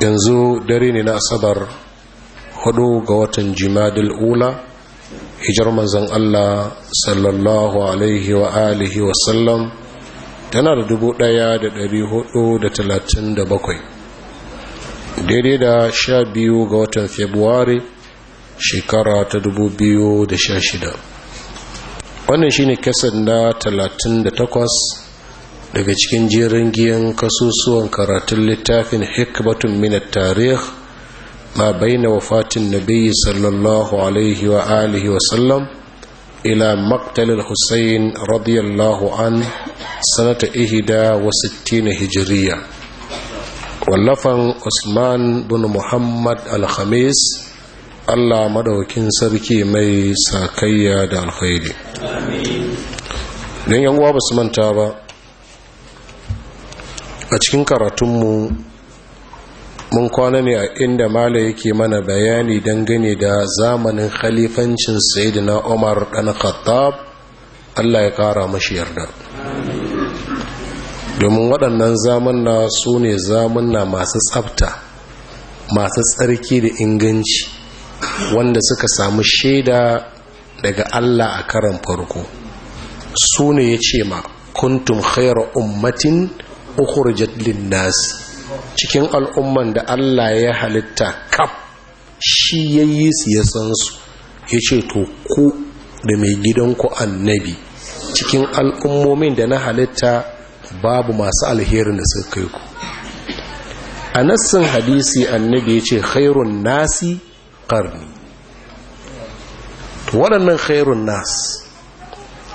yanzu dare ne na asabar hudu ga watan jimadil ula hijar manzan Allah sallallahu alaihi wa alihi wa sallam tana da dubu daya da dari hudu da talatin da bakwai daidai da sha biyu ga watan februari shekara ta dubu biyu da sha shida wannan shine kasar na talatin da takwas daga cikin jerin giyan kasusuwan karatun littafin hikmatun minat tarih ma baina wafatin nabiyyi sallallahu alaihi wa alihi wa sallam ila maktalil hussein radiyallahu an sanata ihida wa sittina hijiriya wallafan usman bin muhammad alhamis allah madaukin sarki mai sakayya da alkhairi don yan uwa ba su manta ba a cikin karatunmu mun kwana ne a inda mala yake mana bayani dangane da zamanin khalifancin na umar dan khattab allah ya kara mashi yarda domin waɗannan zamanna su ne zamanna masu tsafta masu tsarki da inganci wanda suka samu shaida daga allah a karan farko su ne ya ce ma kuntum khairu ummatin ukhrijat lin-nas cikin al'umman da Allah ya halitta kaf shi yayi su ya san su yace to ku da mai gidanku annabi cikin al'ummomin da na halitta babu masu alherin da suka kai ku a hadisi annabi yace khairun nasi To waɗannan khairun nas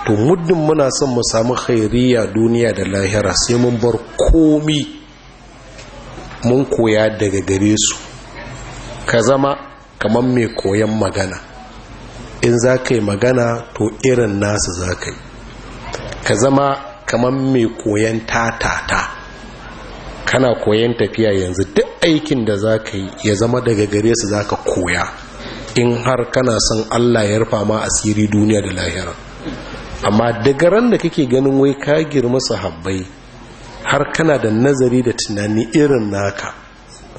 to muddin muna son mu samu khairiyya duniya da lahira sai mun bar komi mun koya daga gare su ka zama kamar mai koyan magana in za ka yi magana to irin nasu za ka yi ka zama kamar mai koyan tatata kana koyan tafiya yanzu duk aikin da za ka yi ya zama daga gare su za ka koya in har kana son allah ya rufa ma asiri duniya da lahira amma daga ran da kake ganin wai ka girma sahabbai har kana da nazari da tunani irin naka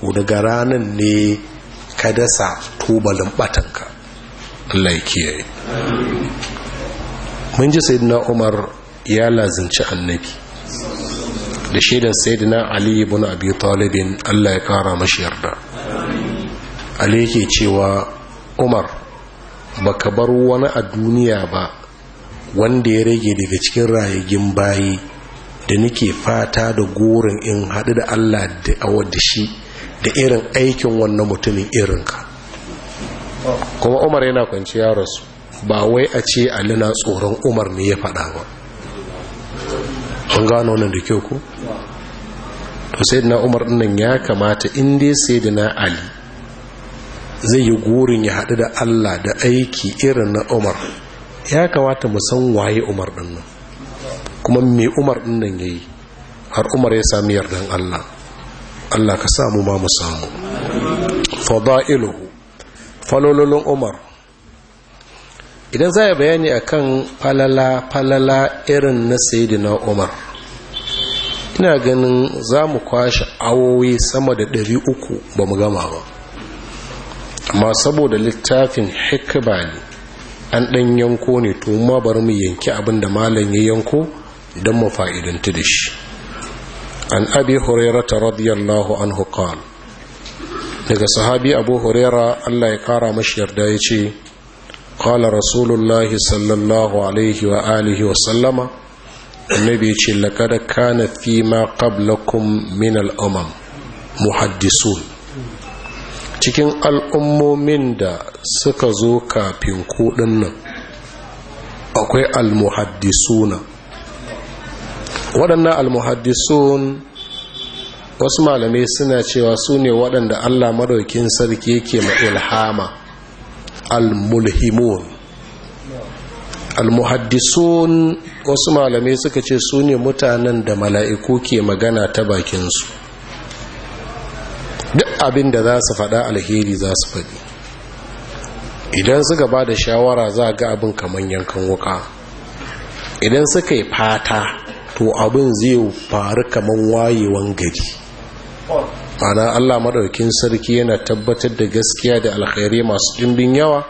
ko daga ranan ne ka dasa tubalin batanka Allah ya kiyaye mun ji sayyidina Umar ya lazinci annabi da shaidan sayyidina Ali ibn Abi Talib Allah ya kara mashi yarda Ali yake cewa Umar baka bar wani a duniya ba wanda ya rage daga cikin rayagin bayi da nake fata da gurin in haɗu da Allah da awar da shi da irin aikin wannan mutumin irin ka. kuma umar yana yaro rasu ba wai a ce alina tsoron umar ne ya faɗa ba kun gano nan da kyau ku to sai na umar nan ya kamata inda dai sai da na ali zai yi gurin ya haɗu da allah da aiki irin na umar ya kawata mu san waye umar din nan kuma me umar din nan yayi har umar ya sami yardan Allah Allah ka samu ma mu samu fadailuhu falololin umar idan za a bayani akan falala falala irin na sayyidina umar ina ganin za mu kwashe awowi sama da ɗari uku ba mu gama ba amma saboda littafin hikba ne an ɗan yanko ne to ma bari mu yanki abin da malam ya yanko don mu fa'idanta da shi an abi hurairata radiyallahu anhu qala daga sahabi abu huraira allah ya kara mashi yarda ya ce kala rasulullahi sallallahu alaihi wa alihi wa sallama annabi yace ce laƙada kana fi ma qablakum min al'umam muhaddisun cikin al'ummomin da suka zo kafin kuɗin nan akwai almuhaddisuna waɗannan almuhaddisun wasu malamai suna cewa su ne waɗanda allah maɗaukin sarki yake ma ilhama almulhimun almuhaddisun wasu malamai suka ce su ne mutanen da mala'iku ke magana ta bakinsu abin da za su faɗa alheri za su faɗi idan suka ba da shawara za ga abin kamar yankan wuka idan suka yi fata to abin zai faru kamar wayewan gari ana allah maɗaukin sarki yana tabbatar da gaskiya da alkhairi masu ɗimbin yawa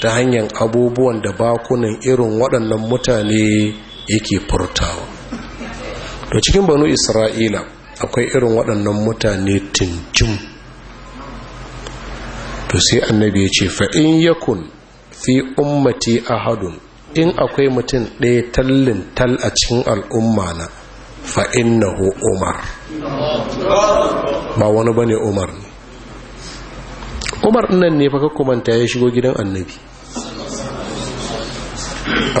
ta hanyar abubuwan da bakunan irin waɗannan mutane yake furtawa to cikin banu isra'ila akwai irin waɗannan mutane tinjim to sai annabi ya ce fa in yakun fi ummati ahadun in akwai mutum ɗaya tallin tal a cikin al'umma na fa umar ba wani bane umar ne umar nan ne fa kumanta ya shigo gidan annabi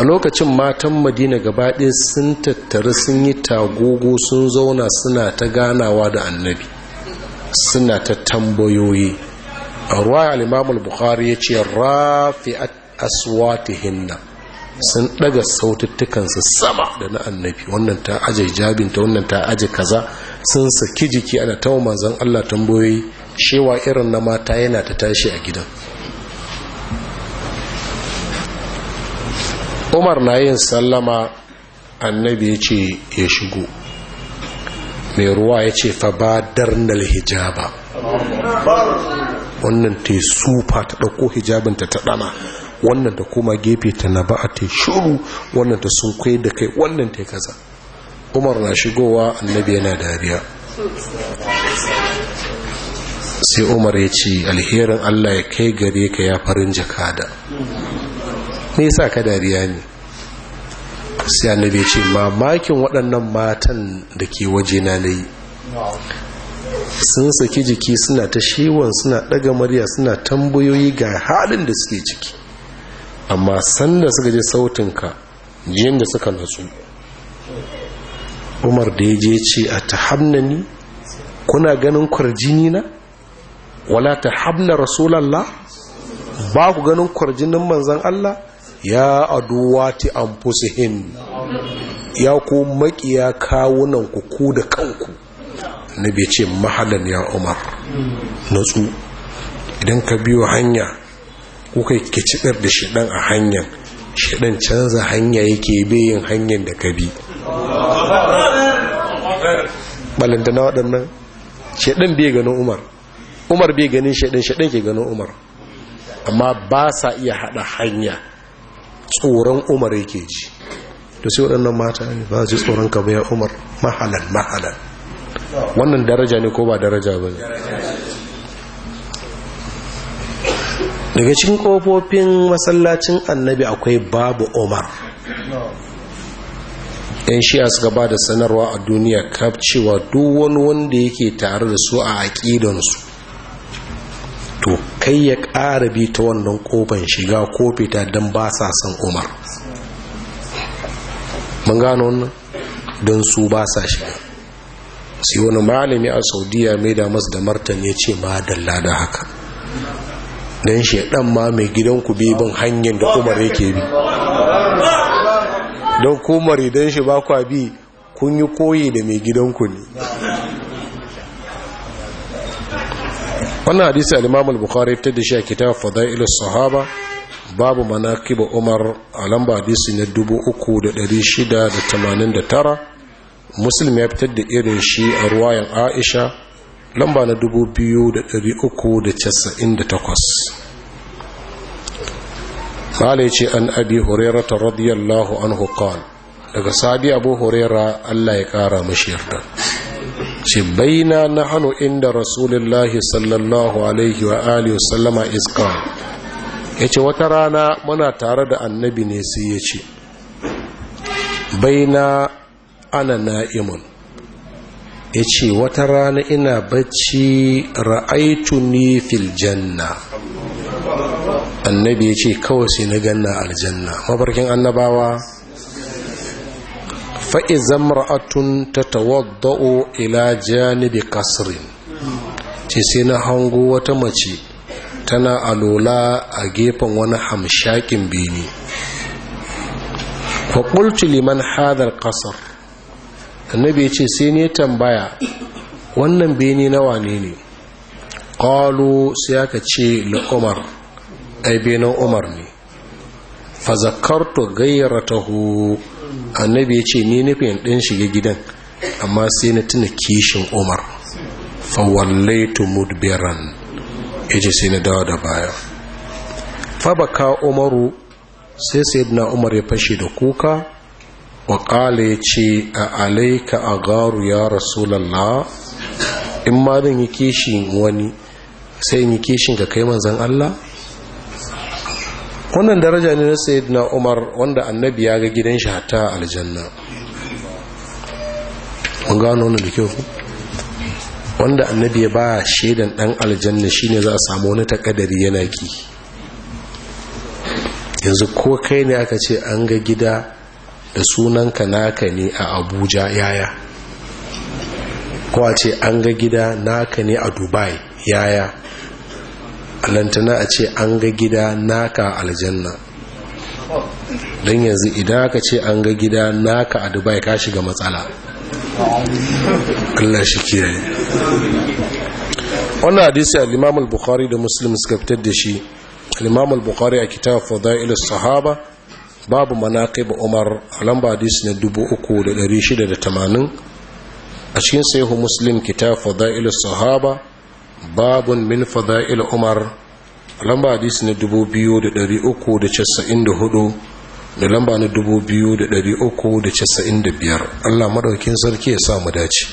a lokacin matan madina gabaɗe sun tattara sun yi tagogo sun zauna suna ta ganawa da annabi suna ta tambayoyi ruwa al'imamul bukhari ya ce rafi'at aswatihinna sun daga saututtukansu sama da na annabi wannan ta aje jabinta wannan ta aje kaza sun saki jiki ana tawo manzon allah tambayoyi shewa irin na mata yana ta tashi a gidan umar na yin sallama annabi ya ce ya shigo mai ruwa ya ce fa ba darnal hijaba wannan ta sufa ta ɗauko hijabinta ta ɗana wannan ta koma gefe ta na ba'a ta shuru wannan ta sun da kai wannan ta kaza umar na shigowa annabi yana dariya sai umar ya ce alherin allah ya kai gare ka ya farin jakada me yasa ka dariya ne sai annabi ya ce mamakin waɗannan matan da ke waje na yi sun saki jiki suna ta shiwon suna ɗaga murya suna tambayoyi ga halin da suke ciki amma sanda suka je sautinka ka da suka natsu umar da ya je ce a ta hamna ni kuna ganin kwarjini na wala ta hamna rasulallah ba ku ganin kwarjinin manzan Allah ya aduwati an fusihin ya ku maƙiya kawunan ku da kanku na bai ce mahalan ya umar natsu idan ka biyo hanya ko kai ke cikar da shidan a hanyar shidan canza hanya yake bayin hanyar da ka bi na waɗannan shidan bai ganin umar umar bai ganin shidan shidan ke ganin umar amma ba sa iya haɗa hanya tsoron umar yake ji Da sai waɗannan mata ne ba su tsoron kamar ya umar mahalan mahalan wannan daraja ne ko ba daraja ba daga cikin kofofin masallacin annabi akwai babu umar yan shi'a suka ba da sanarwa a duniya kaf cewa duk wani wanda yake tare da su a aƙidansu to kai ya ƙara bi ta wannan ƙofan shiga ko fita don ba sa son umar mun gano wannan don su ba sa shiga sai wani malami a saudiya mai da masu da martani ya ce ma dalla da haka don shi dan ma mai gidanku bi bin hanyar da umar yake bi don kumar idan shi ba kwa bi kun yi koyi da mai gidanku ne wannan hadisi alimamul imam bukhari ta da shi a kitab ilus sahaba babu manakiba umar a lamba hadisi na 3689 muslim ya fitar da irin shi a ruwayan aisha lamba na 2398 malai ce an abi hurairata radiyallahu anhu qal daga sabi abu horera allah ya kara mashi yarda ce baina na hannu inda rasulullahi sallallahu alaihi wa aliyu sallama iskan ya ce wata rana muna tare da annabi ne sai ya ce baina ana na'imun ya ce wata rana ina bacci ra'aitu ni fil janna annabi ya ce kawai sai na ganna aljanna mafarkin annabawa fa'izan ra'atun ta tawadda'o ila janibi kasirin ce sai na hango wata mace tana alola a gefen wani hamshakin bene faƙultu liman hadar ƙasar annabi ya ce sai ne tambaya wannan bene na wane ne ƙwalo sai aka ce na umar ai benin umar ne fazakarto gayyara taho annabi ya ce ni nufin ɗin shiga gidan amma sai na tuna kishin umar fawallaitu mudbiran ya ce sai na dawa da baya fabaka umaru sai sai na umar ya fashe da kuka wa ya ce a alaika a garu ya rasulallah in ma zan yi kishin wani sai in yi kishin ga kai manzan Allah wannan daraja ne na sayyidina umar wanda annabi ya ga gidan shi hatta aljanna mun gano wannan da kyau wanda annabi ya ba shaidan dan aljanna shine za a samu wani takadari yana ki yanzu ko kai ne aka ce an ga gida da sunan ka naka ne a abuja yaya a ce an ga gida naka ne a dubai yaya alantana a ce an ga gida naka aljanna don yanzu idan aka ce an ga gida naka a dubai ka shiga matsala allah shi kiyaye wannan hadisi al-imam bukhari da muslim suka fitar da shi al-imam bukhari a kitab fadail as-sahaba babu ba umar a lamba shida na 3680 a cikin sahihu muslim kitab fadail sahaba babun min fadail umar a lamba hadisi na 2394 da lamba na 2395 Allah maɗaukin sarki ya sa mu dace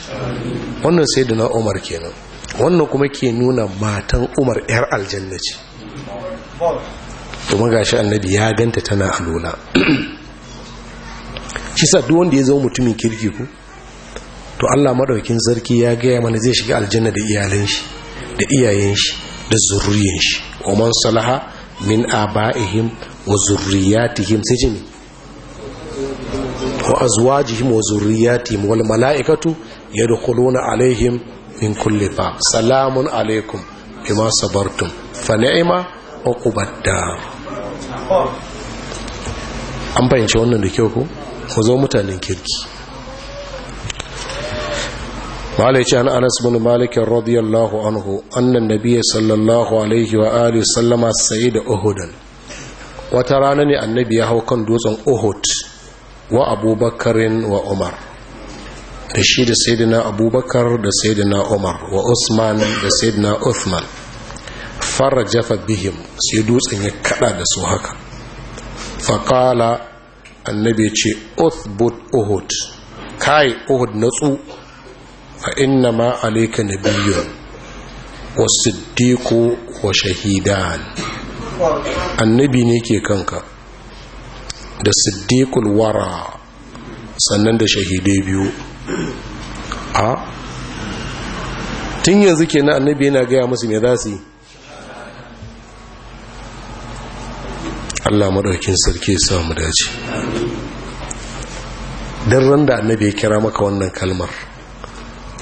wannan sai da na umar kenan wannan kuma ke nuna matan umar yar aljanna ce to magashi annabi ya ganta tana alola shi sa duk wanda ya zo mutumin kirki ku to Allah madaukin sarki ya gaya mana zai shiga aljanna da iyalan shi da iyayen shi da zurriyen shi wa man salaha min aba'ihim wa zurriyatihim sai jini wa azwajihim wa zurriyatihim wal mala'ikatu yadkhuluna alaihim min kulli ba salamun alaikum bima sabartum fa ni'ma uqubad dar an fahimci wannan da kyau ko ku zo mutanen kirki malai ce an anas bin malikin radiyallahu anhu annan nabiya sallallahu alaihi wa alihi sallama sai da uhudan wata rana ne annabi ya hau kan dutsen uhud wa abubakarin wa umar da shi da saidina abubakar da saidina umar wa usman da saidina uthman fara jafa bihim sai dutsen ya kada da su haka faƙala annabi ce othbut uhud kai uhud natsu A inna ma na biyun. wa siddiku wa shahidan annabi ne ke kanka da Siddikul wara sannan da shahidai biyu a tun yanzu ke na annabi yana gaya musu mai zasi. Allah maɗaukin sarki ya samu dace don da annabi ya kira maka wannan kalmar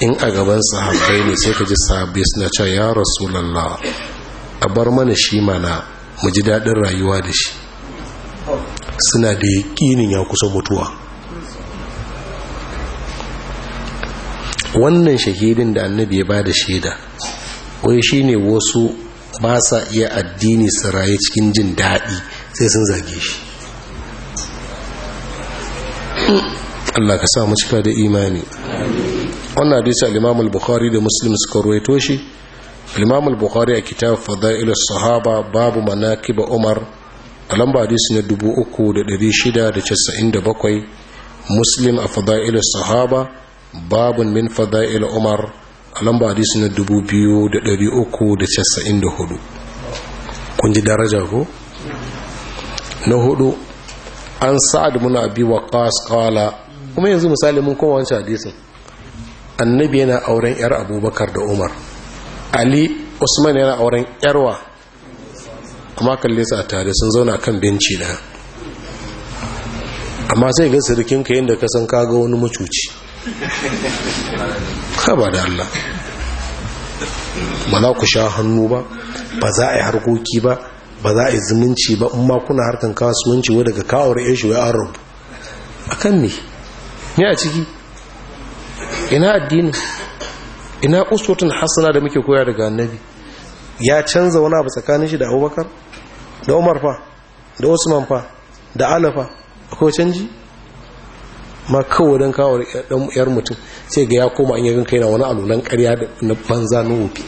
in a gaban sahabbai ne sai ka ji sahabbai suna cewa ya rasulallah a bar mana shi mana mu ji daɗin rayuwa da shi suna da yaƙinin ya kusa mutuwa wannan shahidin da annabi ya ba da shaida wai shine wasu ba sa iya addini su raye cikin jin daɗi sai sun zage shi Allah ka sa mu cika da imani wannan hadisi al-Imam al-Bukhari da Muslim suka ruwaito shi al-Imam al-Bukhari a kitab Fadail as-Sahaba babu manakib Umar a lamba hadisi na 3697 Muslim a Fadail as-Sahaba babu min Fadail Umar a lamba hadisi na 2394 kun ji daraja ko na hudu an sa'ad muna bi wa qala kuma yanzu misali mun kowa wancan hadisun annabi yana auren yar abubakar da umar ali usman yana auren yarwa amma kalle sa tare sun zauna kan benci da amma sai ga sirikinka yadda ka san kaga wani macuci kaba da Allah ba za ku sha hannu ba ba za a yi harkoki ba ba za a yi zumunci ba in ma kuna harkan kasuwanci wadda daga kawar ya wa a rabu a kan ne. ne a ciki ina addinin ina usotun hasana da muke koya daga annabi ya canza wani abu tsakanin shi da abubakar da umar fa da usman fa da alafa akwai canji ma kawo don kawar yar mutum sai ga ya koma an yi kai na wani alunan karya da banza na wofi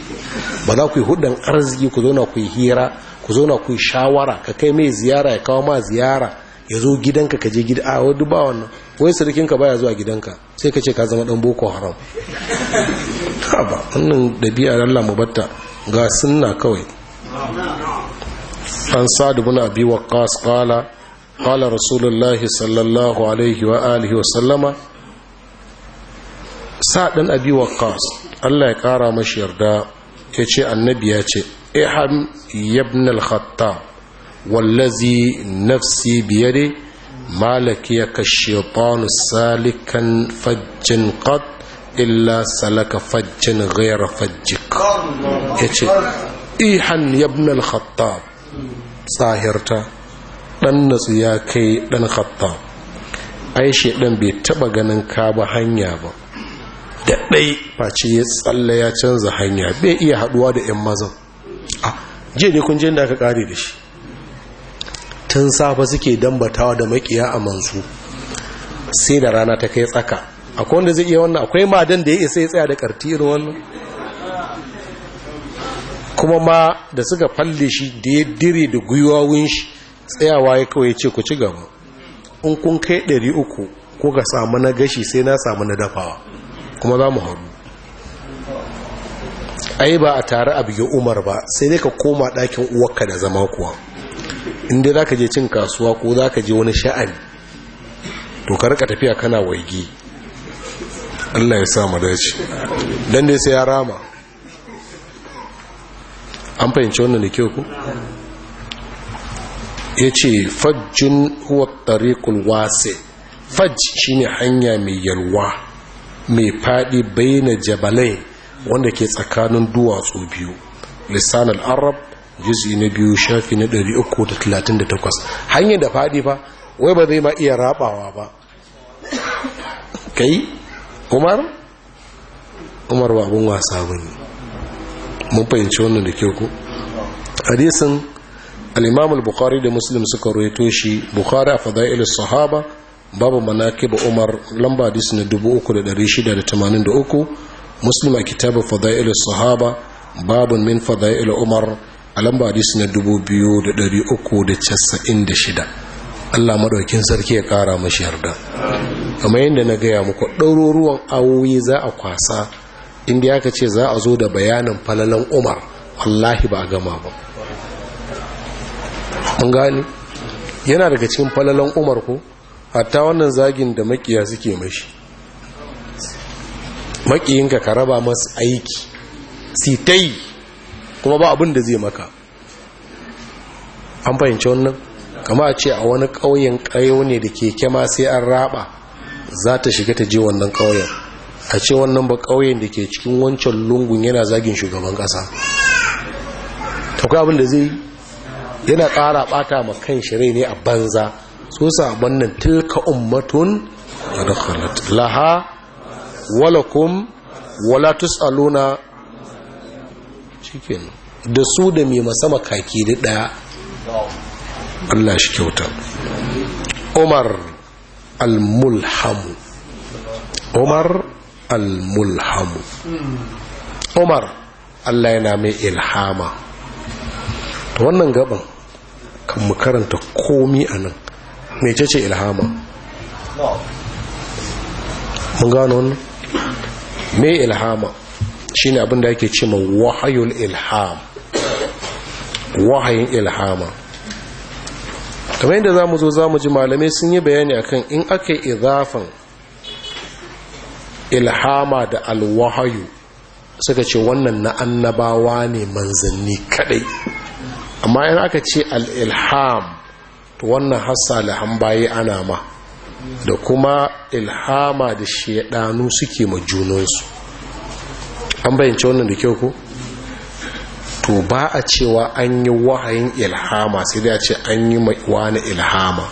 ba za ku yi hudun arziki ku zo na ku yi hira ku na ku shawara ka kai mai ziyara ya kawo ma ziyara ya zo gidanka ka je gida a wadda ba wannan wai sarkinka baya zuwa gidanka sai ka ce ka zama dan boko haram ba wannan dabi'a Allah mu batta ga sunna kawai an sadu bi abi waqqas qala qala rasulullahi sallallahu alaihi wa alihi wa sallama sa'dan abi waqqas Allah ya kara mashi yarda ce annabi ya ce Ihan yabn al-khattab wallazi nafsi biyade malaki ya kashe tonu salikan fajjin qad illa salaka fajjin ghayra fajjik yace ihan yabn al-khattab tsahirta dan natsu ya kai dan khattab ai ɗan bai taba ganin ka ba hanya ba da ɗai face ya tsalle ya canza hanya bai iya haduwa da 'yan mazan a jiya ne kun je da aka kare da shi tun safa suke dambatawa da makiya a mansu sai da rana ta kai tsaka akwai wanda zai iya wannan akwai madan da ya isa ya tsaya da karti irin wannan kuma ma da suka falle shi da ya dire da gwiwawun shi tsayawa ya kawai ce ku ci gaba in kun kai 300 ko ka samu na gashi sai na samu na dafawa kuma za mu haru ai ba a tare a bige umar ba sai dai ka koma ɗakin uwarka da zama kuwa inda za ka je cin kasuwa ko za ka je wani sha'ani to ka rika tafiya kana waigi allah ya sa dace don dai sai ya rama an fahimci wannan da kyau ku ya ce fajjin huwa tarikul wasi fajj ne hanya mai yalwa mai faɗi baina jabalai wanda ke tsakanin duwatsu biyu lissan Arab juzi na biyu shafi na 338 hanyar da fadi fa wai ba zai ma iya rabawa ba kai umar umar ba abin wasa ba mun fahimci wannan da kyau ku hadisin al-imam al-bukhari da muslim suka rawaito shi bukhari a fada'il sahaba babu ba umar lamba hadisi na 3683 muslima kitabu fadailu sahaba babun min fadailu umar a lamba hadisi na shida. Allah maɗaukin sarki ya kara mashi yarda kamar yadda na gaya muku ɗaruruwan awoyi za a kwasa inda aka ce za a zo da bayanin falalan umar wallahi ba a gama ba an gani yana daga cikin falalan umar ko hatta wannan zagin da makiya suke mashi makiyinka ka raba masu aiki sitai kuma ba abin da zai maka an fahimci wannan kama a ce a wani ƙauyen ƙayo ne da keke ma sai an raba za ta shiga ta je wannan ƙauyen a ce wannan ba ƙauyen da ke cikin wancan lungun yana zagin shugaban ƙasa akwai abin da zai yana ƙara ɓata ma kan shirai ne a banza so sabon nan tilka ummatun laha walakum wala tus'aluna cikin da su da mai masama kaki da daya Allah shi kyauta Umar al-Mulhamu Umar al-Mulhamu Umar Allah yana mai ilhama ta wannan gaban kan mu karanta komi a nan mecece ilhama mun gano wannan mai ilhama shine abin da ake ce ma wahayul ilham wahayin ilhama kamar yadda za mu zo za mu ji malamai sun yi bayani akan in aka yi izafin ilhama da alwahayu suka ce wannan na annabawa ne manzanni kadai amma yana aka ce al'ilham to wannan hassa lahan baye ana ma da kuma ilhama da shaidanu suke ma junansu an bayyance wannan da kyau ko to ba a cewa an yi wahayin ilhama sai dai a ce an yi wani ilhama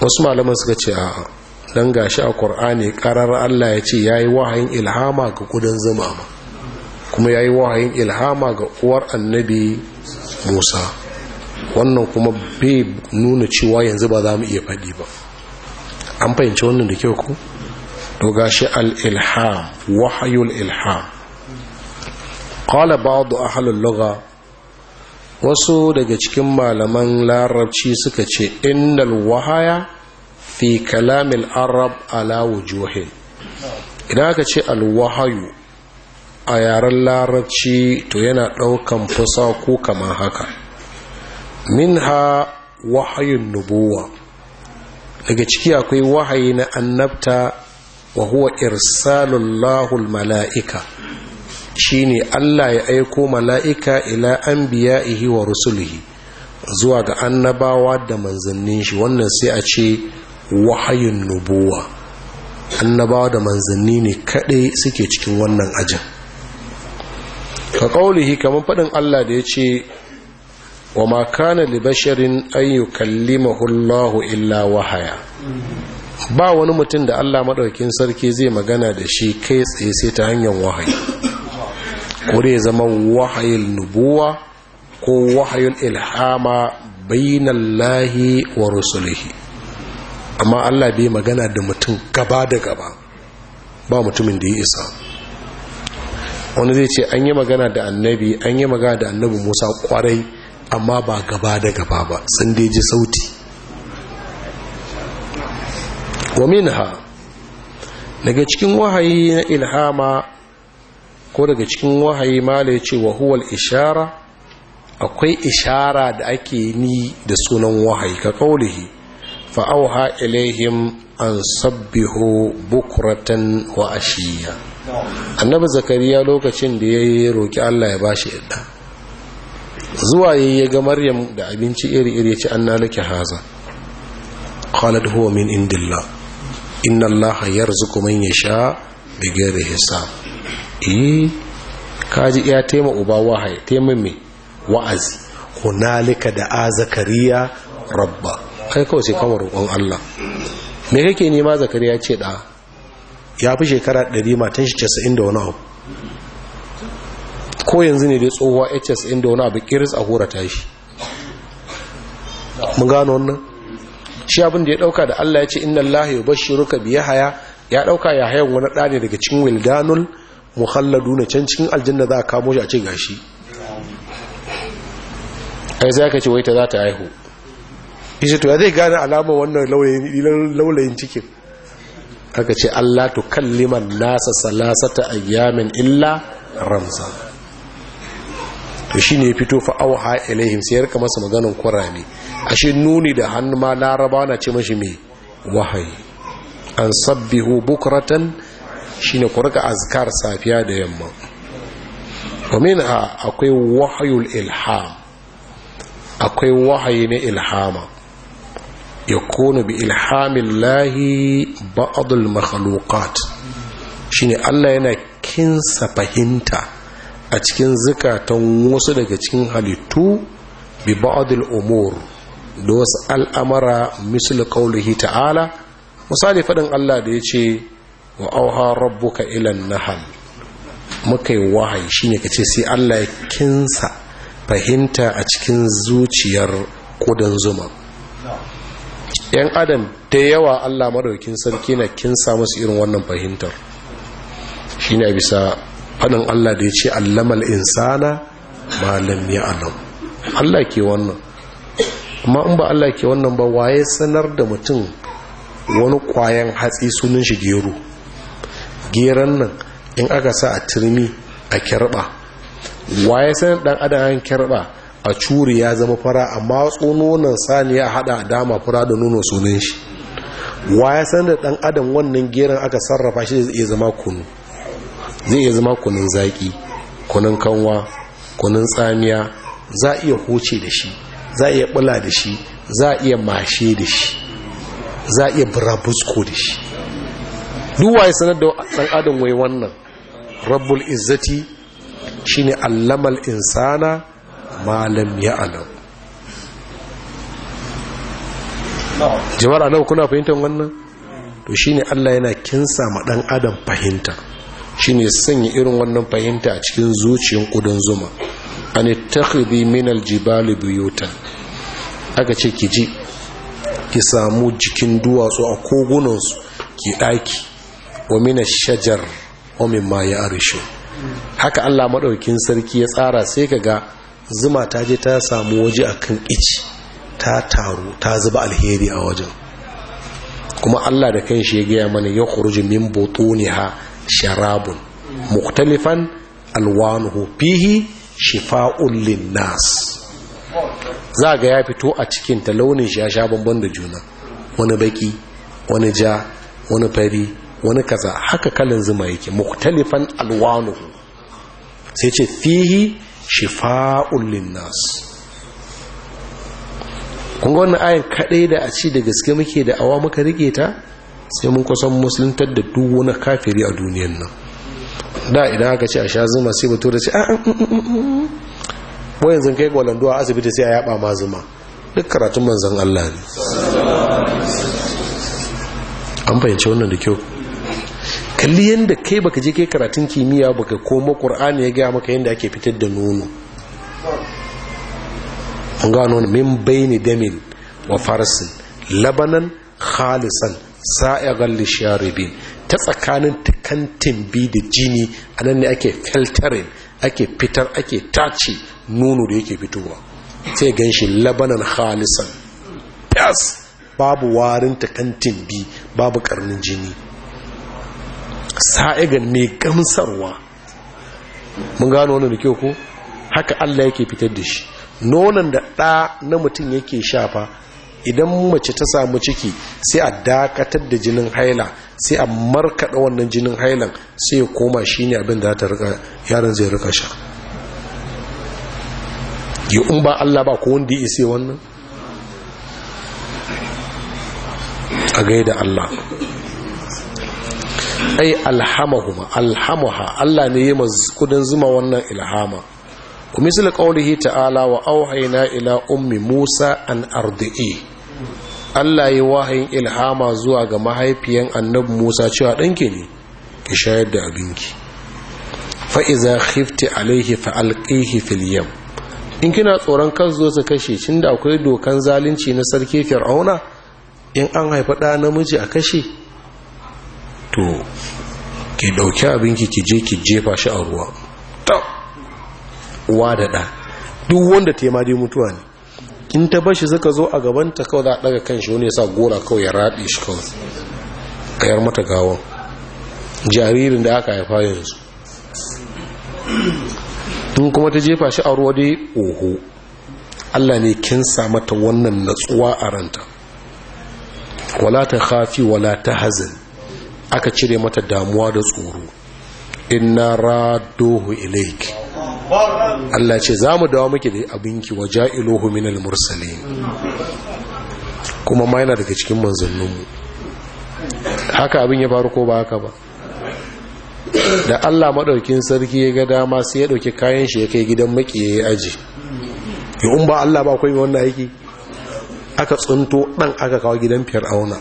wasu malaman suka ce a don gashi a ƙur'ani ƙarar allah ya ce ya yi wahayin ilhama ga kudin zama ma kuma ya yi wahayin ilhama ga uwar annabi musa wannan kuma bai nuna cewa yanzu ba za mu iya faɗi ba an fahimci wannan da kyau ku to gashi al-ilham wahayul ilham ba ba'd ahlul luga wasu daga cikin malaman larabci suka ce innal wahaya fi kalamil arab ala wujuhin idan aka ce alwahayu a yaren larabci to yana ɗaukan fusa ko kamar haka minha wahayun nubuwa daga ciki akwai wahayi na annabta wa huwa irsalullahul mala'ika shine Allah ya aiko mala'ika ila anbiya'ihi wa rusulihi zuwa ga annabawa da manzannin shi wannan sai a ce wahayin nubuwa annabawa da manzanni ne kadai suke cikin wannan ajin ka kaulihi kamar faɗin Allah da ya ce wa ma kana li basharin an yukallimahu illa wahaya ba wani mutum da Allah madaukin sarki zai magana da shi kai tsaye sai ta hanyar wahayi ko dai zama wahayil nubuwa ko wahayil ilhama bainallahi wa rusulihi amma Allah bai magana da mutum gaba da gaba ba mutumin da ya isa wani zai ce an yi magana da annabi an yi magana da annabi Musa kwarai amma ba gaba da gaba ba sun dai ji sauti wa ha daga cikin wahayi na ilhama ko daga cikin wahayi mala ce wa huwal ishara akwai ishara da ake ni da sunan wahayi ka kaulihi fa'auha ilaihim an sabbihu bukuratan wa ashiya annabi zakariya lokacin da ya yi roƙi allah ya bashi ɗan zuwa ya ga maryam da abinci iri-iri ya ce an na laki haza qalat huwa min indillah inna allaha yarzuqu man yasha bighairi hisab eh kaji ya taima uba wahai tema me wa'azi hunalika da azakariya rabba kai kawai sai kawar roƙon Allah me kake nema zakariya ce da ya fi shekara 100 matan shi 90 da wani abu ko yanzu ne dai tsohuwa hs inda wani abu kiris a hura shi. mun gano wannan shi abin da ya dauka da Allah ya ce inna Allah ya bashi, bashiruka biya haya ya dauka ya hayan wani da ne daga cikin wildanul muhalladu na can cikin aljanna za a kamo shi a ce gashi A sai aka ce wai ta za ta haihu ishe to ya zai gane alamar wannan laulayin cikin aka ce Allah to kalliman nasa salasata ayyamin illa ramza to ya fito fa auha ilaihim sai ya masa maganan kurame ashe nuni da hannu ma laraba na ce mashi me wahayi an sabbihu bukratan shine ku rika azkar safiya da yamma wa minha akwai wahayul ilham akwai wahayi na ilhama yakunu bi ilhamillahi ba'dul makhluqat shine Allah yana kinsa fahimta a cikin zukatan wasu daga cikin halittu bi ba'adul umur da wasu al'amara misal ta'ala misali fadin Allah da ya yace wa auha rabbuka ilan nahal muka yi wahayi shine ce sai Allah ya kinsa fahimta a cikin zuciyar kudin zuma yan adam ta yawa Allah madaukin sarki na kinsa musu irin wannan fahimtar shine bisa faɗin Allah da ya ce allamal insana malam ya alam Allah ke wannan amma in ba Allah ke wannan ba waye sanar da mutum wani kwayan hatsi sunan shi gero geron nan in aka sa a turmi a kirba waye sanar dan adam kirba a curi ya zama fara amma sani saniya hada dama fura da nono sunan shi waye sanar da dan adam wannan geron aka sarrafa shi zai zama kunu zai iya zama kunun zaki kunun kanwa kunun tsamiya za a iya huce da shi za a iya bula da shi za a iya mashe da shi za a iya burabusko da shi duwa ya sanar da ɗan adam wai wannan rabbul izzati shine allamal insana malam ya alam jama'ar nawa kuna fahimtar wannan to shine Allah yana kinsa ma dan adam fahimta shine sanya irin wannan fahimta a cikin zuciyar kudin zuma an ittakhidhi min aljibali buyuta aka ce ki ji ki samu jikin duwatsu a kogunan su ki daki wa min ash-shajar wa ya ya'rishu haka Allah madaukin sarki ya tsara sai kaga zuma ta je ta samu waje akan ici ta taru ta zuba alheri a wajen kuma Allah da kanshi ya gaya mana ya khuruju min butuniha sharabun muktalifan alwanuhu fihi شفاء للناس za ga ya fito a cikin ta launin shi ya sha bamban da juna wani baki wani ja wani fari wani kaza haka kalan zuma yake muktalifan alwanuhu sai ce fihi shifa'un linnas kun ga wannan ayin kadai da a ci da gaske muke da awa muka rike ta sai mun kusan musulunta da duk wani kafiri a duniyan nan da idan aka ce a sha zuma sai mutu da ce a ah, mm, mm, mm, yanzu kai gwalando a asibiti sai a yaba ma zuma duk karatun manzan Allah ne an fahimci wannan da kyau kalli yadda kai baka je kai karatun kimiyya baka koma ƙur'ani ya gaya maka yadda ake fitar da nono an gano min bayni damin wa farsin labanan khalisan sa'igan lisharibin ta tsakanin tukantin bi da jini a nan ne ake filtering ake fitar ake tace nono da yake fitowa sai gan shi labanan halisan fas babu warin tukantin bi babu karnin jini sa'igan mai gamsarwa mun gano wannan da kyau ko haka Allah yake fitar da shi nonon da ɗa na mutum yake shafa idan mace ta samu ciki sai a dakatar da jinin haila sai a markaɗa wannan jinin hailan sai ya koma shi ne abin da ta rika yaron zai rika sha yi in ba Allah ba ko wanda ya isa wannan a gaida Allah ai alhamahuma alhamaha Allah ne yi kudin zuma wannan ilhama wa misal qawlihi ta'ala wa auhaina ila ummi musa an ardi'i Allah ya wahayin ilhama zuwa ga mahaifiyan annabi Musa cewa danki ne ki shayar da abinki fa iza khifti alaihi fa alqihi fil in kina tsoron kan zo su kashe cin da akwai dokan zalunci na sarki fir'auna in an haifa ɗa namiji a kashe to ki ɗauki abinki ki je ki jefa shi a ruwa uwa da ɗa duk wanda ta yi ma mutuwa ne in ta bashi suka zo a gabanta kawai za a ɗaga kan shi wani ya sa gora kawai ya raɗe shi kawai a yar mata gawon jaririn da aka haifa yanzu Tun kuma ta jefa shi a ruwa dai oho allah ne kin sa mata wannan natsuwa a ranta wala ta hafi wala ta hazin aka cire mata damuwa da tsoro inna radohu ilaiki Allah ce za mu dawo muke da abinki wa ja'iluhu al mursalin kuma ma yana daga cikin manzanninmu haka abin ya faru ko ba haka ba da Allah maɗaukin sarki ya ga dama sai ya ɗauki kayan shi ya kai gidan makiye ya aji in ba Allah ba akwai wannan aiki aka tsunto ɗan aka kawo gidan fir'auna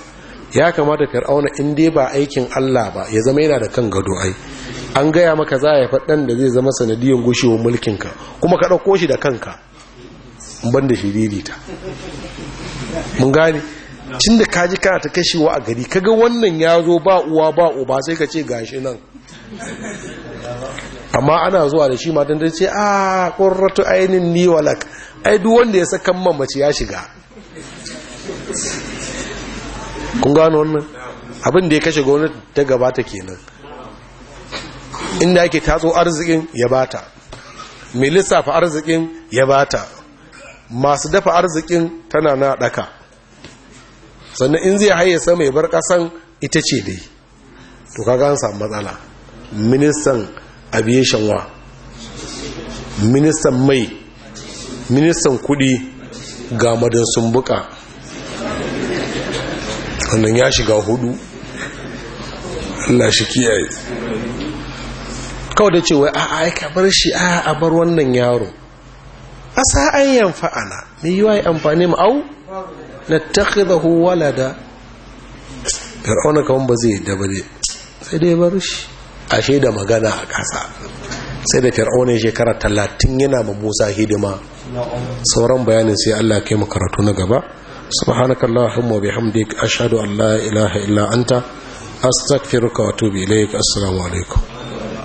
ya kamata fir'auna in dai ba aikin Allah ba ya zama yana da kan gado ai an gaya maka za a faɗan da zai zama sanadiyan gushewar mulkinka kuma ka ɗauko shi da kanka ban da shiririta mun gane cin da kaji kana ta kashewa a gari kaga wannan ya zo ba uwa ba uba sai ka ce gashi nan amma ana zuwa da shi ma don ce a ah, ƙorratu ainihin ni ai duk wanda ya sakan mamaci ya shiga kun gano wannan abin da ya kashe gwamnati ta gabata kenan inda yake tatso arzikin ya bata mai lissafa arzikin ya bata masu dafa arzikin tana na daka sannan in zai haye sama ya bar kasan ita ce dai to kaga an samu matsala ministan aviation wa ministan mai ministan kudi ga madan sumbuka wannan ya shiga hudu Allah shi kiyaye kawai da ce wai a aika bar shi a a bar wannan yaro a sa'an yan fa'ana mai yiwa yi amfani mu au na takhidahu da. fir'auna kawai ba zai da bare sai dai bar shi ashe da magana a ƙasa sai da fir'auna shekara talatin yana ma musa hidima sauran bayanin sai allah kai mu karatu na gaba subhanakallahumma ashadu ashhadu an la ilaha illa wa alaikum